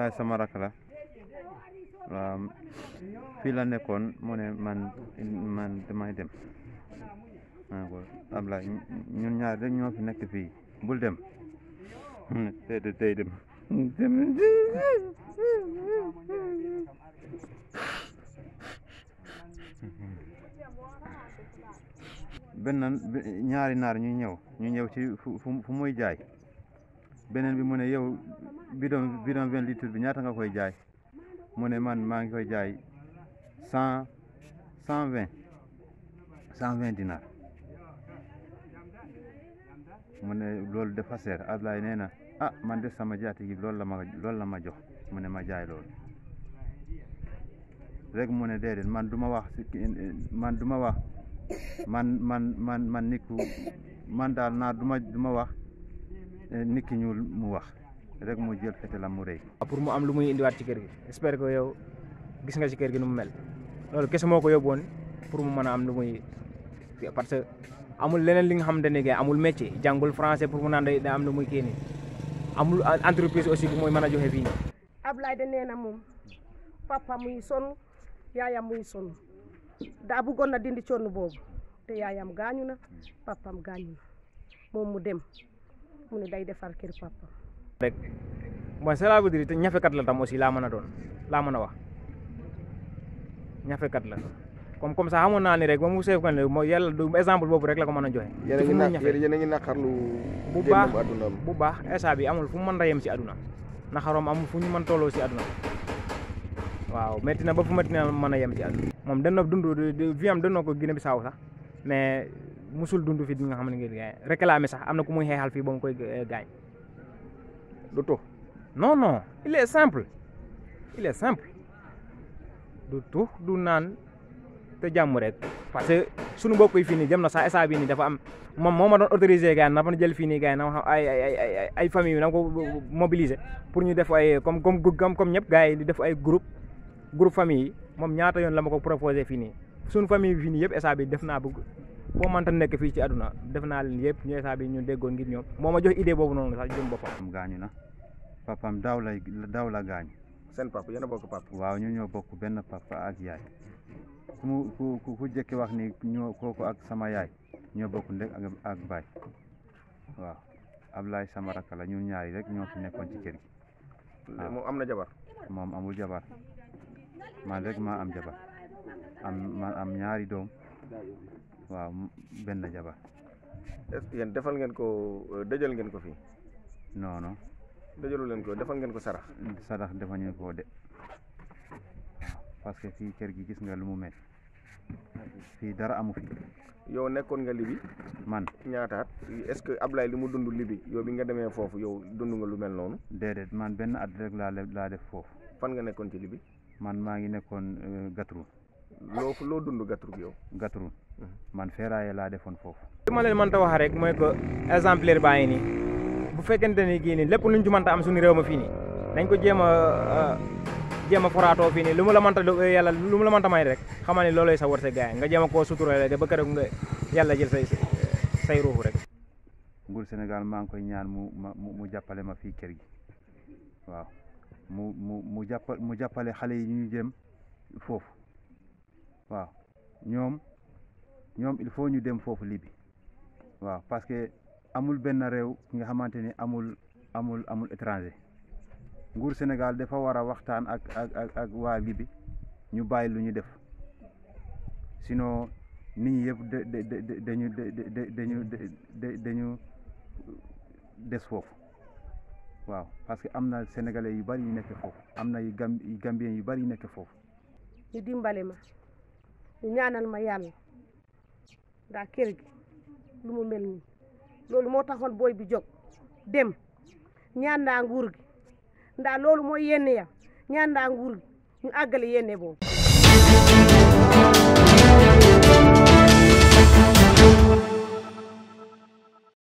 Abdoulaye sama rakk la waaw fii la nekkoon mu ne man man dem ñun ñaar fi nekk fii bul dem tey ñaari naar ñu ñëw ñu ñëw ci fu muy jaay beneen bi mu ne bidon bidon vingt litre bi ñaata nga koy jaay mu ne man maa ngi koy jaay cent cent vingt cent vingt dinar mu ne loolu dafa seer Ablaye nee na ah man de sama jaati gi loolu la ma jo la mu ne ma jaay lool rek mu ne déedéet man du ma wax man du ma wax man man man man nit man daal naa du ma du ma wax eh, nit ki ñuul mu wax rek mu jël fetalam mu rëy. Ah, pour mu am lu muy indiwaat ci kër gi j'espère ko yow gis nga ci kër gi nu mu mel kese moo ko yóbbuwoon pour mu mën a am lu muy parce que amul leneen li nga xamante ne amul métier jàngul français pour mu naan day am lu muy kii amul entreprise aussi bu muy mën a joxe fii nii. Ablaye de nee na moom papa muy sonn yaayam muy sonn daa bëggoon na dindi coono boobu te yaayam gaañu na papam gaañu na moom mu dem mu day defar kër papa. rek mooy cela veut dire te ñafekat la tam aussi laa mën a doon laa mën a wax ñafekat la comme comme sax xamoon naa ni rek ba mu seef kan le mooy yàlla du exemple boobu rek la ko mën a joxe yéen a ngi naqarlu bu baax bu baax instant bi amul fu mu mën yem si àdduna naqaroom amul fu ñu mën tolloo si àdduna waaw métti na ba fu métti na mën a yem si àdduna moom dana dund vi am dana ko Guinée Bissau sax mais musul dundu fi di nga xam ne ngi réclamé sax am na ku muy xeexal fii ba mu koy eh, gaañ Non, non, il est simple. Il est simple. du est te simple. parce que si nous avons fini, nous avons est autorisé gars avons na nous jël fini famille pour nous def ay comme comme comme gars groupe groupe famille Nous proposé sunu famille fini foo mënta nekk fii ci àdduna def naa leen yëpp ñu état bi ñu déggoon ngir ñoom moo ma jox idée boobu noonu sax jëm boppam gaañu na papam daaw la daaw la gaañu seen papa yéen a bokk waaw ñu ñoo bokk benn papa ak yaay ku ku ku jëkki wax ni ñoo ko ak sama yaay ñoo bokk ndek ak ak baay waaw Ablaye sama rakk la ñun ñaari rek ñoo fi nekkoon ci kër moom am na jabar moom amul jabar man rek maa am jabar am ñaari doom waaw benn jabar est-ce que yéen defal ngeen ko euh, dajal ngeen ko fii non non dajalu leen ko defal ngeen ko sarax sarax dafa ko de parce que fii kër gi gis nga lu mu mel fii dara amu fi yow nekkoon nga libi man ñaataat est-ce que Ablaye li mu dund libi yow bi nga demee foofu yow dund nga lu mel noonu déedéet man benn at rek laa laa def foofu fan nga nekkoon ci libi man maa ngi nekkoon Lo euh, loo loo dund Gatrou yow man feeraaye laa defoon foofu. li ma leen mënta wax rek mooy que exemplaire baa ngi nii bu fekkente ni kii nii lépp luñ ci mënta am suñu réew ma fii nii ko jéem a euh, jéem a foraatoo fii nii lu mu la mënta euh, yàlla lu mu la mënta may rek xamal ni loolooy sa wërsëg gaay nga jéem a koo suturale rek ba nga yàlla jël say rek. nguur Sénégal maa ngi koy ñaan mu mu mu jàppale ma fii kër gi waaw mu mu mu mu jàppale xale yi ñu jëm foofu waaw ñoom il faut ñu dem foofu Libye waaw parce que amul benn réew nga xamante ni amul amul amul étranger nguur Sénégal dafa war a waxtaan ak ak ak ak waa Libye ñu bàyyi lu ñu def sinon nit ñi yëpp da da da dañu dañu dañu des foofu waaw parce que am na sénégalais yu bari yu nekk foofu am na yu gambien yu bari yu nekk foofu. ñu dimbale ñu ñaanal ma yàlla. daa kër gi lu mu mel nii loolu moo taxoon booy bi jóg dem ñaan naa nguur gi ndaa loolu mooy yenn ya ñaan naa nguur gi ñu àggale yenn boobu